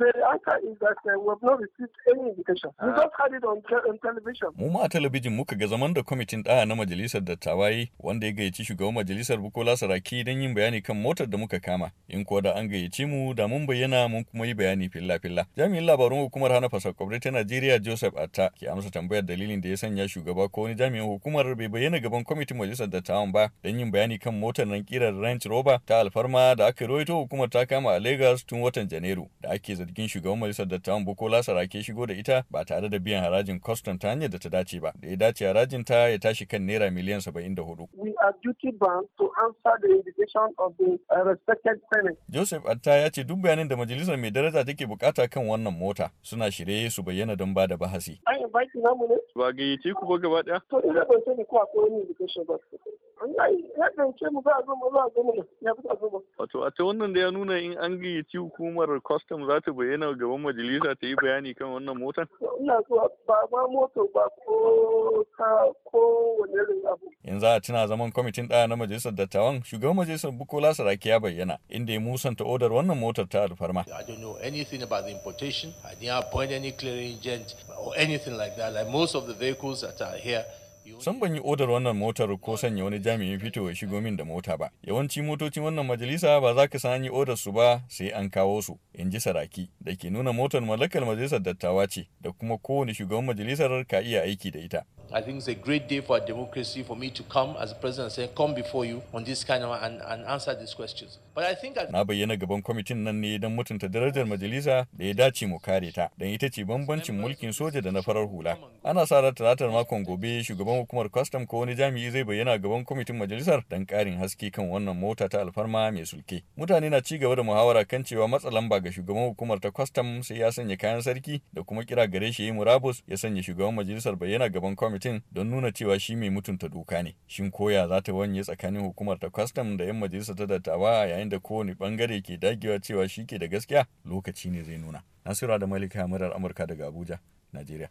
Uh, ah. Mu ma a talabijin muka ga zaman da kwamitin ɗaya na majalisar dattawa yi wanda ya gayyaci shugaban majalisar Bukola Saraki don yin bayani kan motar da muka kama. In kuwa da an gayyaci mu da mun bayyana mun kuma yi bayani filla-filla. Jami'in labarun hukumar hana fasakwabri ta Najeriya Joseph Atta ke amsa tambayar dalilin da ya sanya shugaba ko wani jami'in hukumar bai bayyana gaban kwamitin majalisar dattawan ba don yin bayani kan motar nan kirar Range Rover ta alfarma da aka rawaito hukumar ta kama a Lagos tun watan Janairu da ake zargi jikin shugaban majalisar dattawan lasara Sarake shigo da ita ba tare da biyan harajin custom ta hanyar da ta dace ba. Da ya dace harajin ta ya tashi kan naira miliyan 74. We are duty bound to answer the invitation of the uh, respected Senate. Joseph Atta ya ce duk bayanin da majalisar mai daraja take bukata kan wannan mota suna shirye su bayyana don ba da bahasi. An invite namu ne? Ba gayyace ku ba gaba daya. To ina ban sani ko akwai wani invitation ba. Wato a ta wannan da ya nuna in an gayyaci hukumar kwastam za ta bayyana gaban majalisa ta yi bayani kan wannan motar? Ina zuwa ba ma moto ba ko ta ko wani irin abu. In za a tuna zaman kwamitin ɗaya na majalisar dattawan shugaban majalisar Bukola Saraki ya bayyana inda ya musanta odar wannan motar ta alfarma. I don't know anything about the importation. I didn't appoint any clearing agent or anything like that. Like most of the vehicles that are here san ban yi odar wannan motar ko sanya wani jami'in fito ya shigo min da mota ba yawanci motocin wannan majalisa ba za ka san yi odar su ba sai an kawo su in ji saraki da ke nuna motar mallakar majalisar dattawa ce da kuma kowane shugaban majalisar ka iya aiki da ita I think it's a great day for democracy for me to come as a president and say, come before you on this kind of and, and answer these questions. But I think Na bayyana gaban kwamitin nan ne don mutunta darajar majalisa da ya dace mu kare ta, don ita ce bambancin mulkin soja da na farar hula. Ana sa ran talatar makon gobe shugaban hukumar custom ko wani jami'i zai bayyana gaban kwamitin majalisar don karin haske kan wannan mota ta alfarma mai sulke. Mutane na ci gaba da muhawara kan cewa matsa lamba ga shugaban hukumar ta custom sai ya sanya kayan sarki da kuma kira gare shi yi murabus ya sanya shugaban majalisar bayyana gaban kwamitin kwamitin don nuna cewa shi mai mutunta doka ne shin koya za ta wanye tsakanin hukumar ta kwastam da yan majalisa ta dattawa yayin da kowane bangare ke dagewa cewa shi ke da gaskiya lokaci ne zai nuna nasira da malika murar amurka daga abuja najeriya